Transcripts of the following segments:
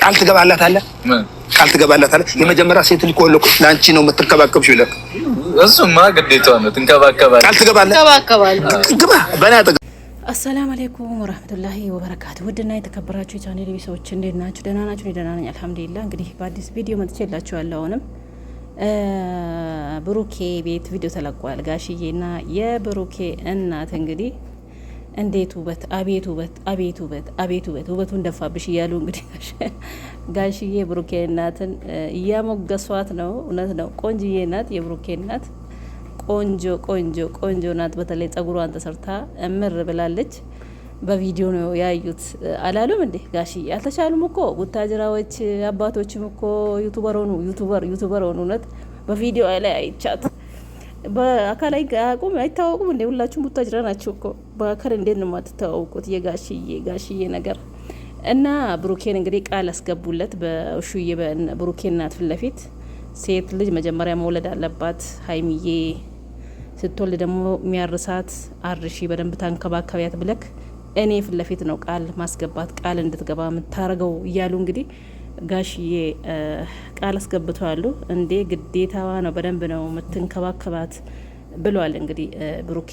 ቃል ትገባላታለህ፣ ቃል ትገባላታለህ። የመጀመሪያ ሴት ልጅ ከወለድኩ ለአንቺ ነው የምትንከባከብሽ ብለህ እሱማ ግዴታ ነው። ትንከባከባለህ፣ ቃል ትገባለህ። ግባ በና ጠ አሰላም አለይኩም ወራህመቱላሂ ወበረካቱ። ውድና የተከበራችሁ የቻኔል ሰዎች እንዴት ናችሁ? ደህና ናችሁ? ደህና ነኝ አልሐምዱሊላህ። እንግዲህ በአዲስ ቪዲዮ መጥቼላችኋለሁ። አሁንም ብሩኬ ቤት ቪዲዮ ተለቋል። ጋሽዬና የብሩኬ እናት እንግዲህ እንዴት ውበት! አቤት ውበት! አቤት ውበት! አቤት ውበት! ውበቱን ደፋብሽ እያሉ እንግዲህ ጋሽዬ ብሩኬ እናትን እያሞገሷት ነው። እውነት ነው፣ ቆንጅዬ ናት የብሩኬ እናት። ቆንጆ ቆንጆ ቆንጆ ናት። በተለይ ጸጉሯን ተሰርታ እምር ብላለች። በቪዲዮ ነው ያዩት። አላሉም እንዴ ጋሽዬ? አልተቻሉም እኮ ቡታጅራዎች አባቶችም እኮ ዩቱበር ሆኑ። ዩቱበር ዩቱበር ሆኑ። እውነት በቪዲዮ ላይ አይቻት በአካል አያውቁም አይታወቁም። እንደ ሁላችሁም ቡታጅራ ናቸው እኮ በአካል እንዴት ነው የማትተዋወቁት? የጋሽዬ ጋሽዬ ነገር እና ብሩኬን እንግዲህ ቃል አስገቡለት በሹዬ ብሩኬ እናት ፊት ለፊት ሴት ልጅ መጀመሪያ መውለድ አለባት። ሀይሚዬ ስትወልድ ደግሞ የሚያርሳት አርሺ በደንብ ታንከባከቢያት ብለክ እኔ ፊት ለፊት ነው ቃል ማስገባት ቃል እንድትገባ የምታደርገው እያሉ እንግዲህ ጋሽዬ ቃል አስገብተዋሉ። እንዴ ግዴታዋ ነው፣ በደንብ ነው የምትንከባከባት ብሏል። እንግዲህ ብሩኬ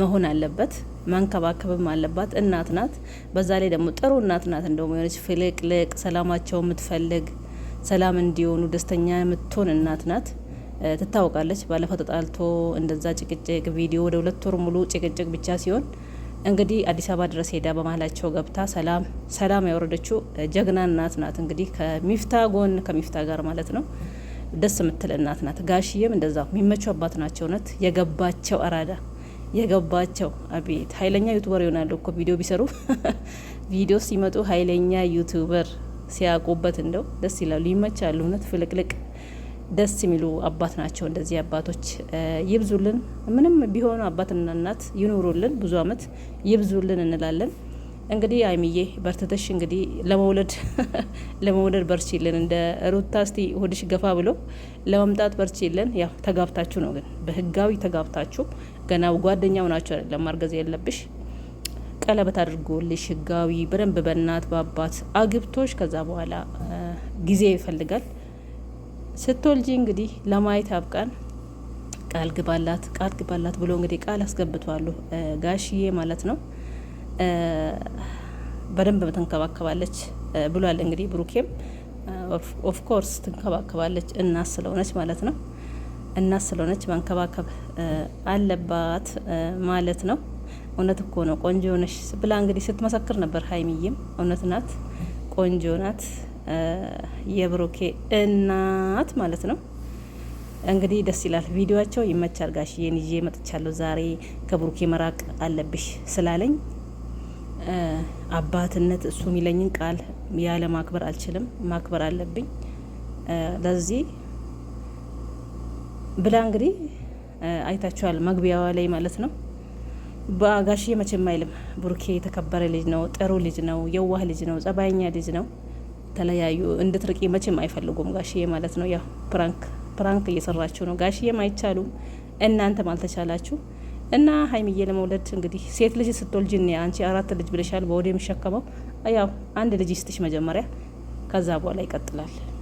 መሆን አለበት መንከባከብም አለባት። እናት ናት፣ በዛ ላይ ደግሞ ጥሩ እናት ናት። እንደውም የሆነች ፍልቅልቅ ሰላማቸው የምትፈልግ ሰላም እንዲሆኑ ደስተኛ የምትሆን እናት ናት። ትታወቃለች። ባለፈው ተጣልቶ እንደዛ ጭቅጭቅ ቪዲዮ ወደ ሁለት ወር ሙሉ ጭቅጭቅ ብቻ ሲሆን እንግዲህ አዲስ አበባ ድረስ ሄዳ በመሀላቸው ገብታ ሰላም ሰላም ያወረደችው ጀግና እናት ናት። እንግዲህ ከሚፍታ ጎን ከሚፍታ ጋር ማለት ነው ደስ የምትል እናት ናት። ጋሽዬም እንደዛ የሚመቹ አባት ናቸው። እውነት የገባቸው አራዳ የገባቸው አቤት ኃይለኛ ዩቱበር ይሆናሉ እኮ ቪዲዮ ቢሰሩ ቪዲዮ ሲመጡ ኃይለኛ ዩቱበር ሲያውቁበት እንደው ደስ ይላሉ፣ ይመቻሉ። እውነት ፍልቅልቅ ደስ የሚሉ አባት ናቸው። እንደዚህ አባቶች ይብዙልን። ምንም ቢሆኑ አባትና እናት ይኑሩልን፣ ብዙ አመት ይብዙልን እንላለን። እንግዲህ አይምዬ በርትተሽ እንግዲህ ለመውለድ ለመውለድ በርችልን። እንደ ሩታ እስቲ ሆድሽ ገፋ ብሎ ለመምጣት በርችልን ያው ተጋብታችሁ ነው ግን በህጋዊ ተጋብታችሁ ገና ጓደኛው ናቸው አይደለም ማርገዝ ያለብሽ ቀለበት አድርጎልሽ ህጋዊ በደንብ በእናት በአባት አግብቶች ከዛ በኋላ ጊዜ ይፈልጋል። ስትወልጂ እንግዲህ ለማየት አብቃን ቃል ግባላት ቃል ግባላት ብሎ እንግዲህ ቃል አስገብቷሉ ጋሽዬ ማለት ነው። በደንብ ትንከባከባለች ብሏል። እንግዲህ ብሩኬም ኦፍኮርስ ትንከባከባለች እናት ስለሆነች ማለት ነው። እናት ስለሆነች መንከባከብ አለባት ማለት ነው። እውነት እኮ ነው ቆንጆ ነሽ ብላ እንግዲህ ስትመሰክር ነበር። ሀይሚዬም እውነት ናት፣ ቆንጆ ናት። የብሩኬ እናት ማለት ነው። እንግዲህ ደስ ይላል ቪዲዮቸው ይመቻል። ጋሽዬን ይዤ መጥቻለሁ ዛሬ ከብሩኬ መራቅ አለብሽ ስላለኝ አባትነት እሱ የሚለኝን ቃል ያለ ማክበር አልችልም፣ ማክበር አለብኝ። ለዚህ ብላ እንግዲህ አይታችኋል፣ መግቢያዋ ላይ ማለት ነው። በጋሽዬ መቼም አይልም። ብሩኬ የተከበረ ልጅ ነው፣ ጥሩ ልጅ ነው፣ የዋህ ልጅ ነው፣ ጸባይኛ ልጅ ነው። ተለያዩ እንድትርቂ መቼም አይፈልጉም ጋሽዬ ማለት ነው። ያው ፕራንክ ፕራንክ እየሰራችሁ ነው ጋሽዬም አይቻሉም፣ እናንተም አልተቻላችሁ እና ሀይሚዬ ለመውለድ እንግዲህ ሴት ልጅ ስትወልጅ አንቺ አራት ልጅ ብለሻል፣ በወደ የሚሸከመው ያው አንድ ልጅ ስትሽ መጀመሪያ፣ ከዛ በኋላ ይቀጥላል።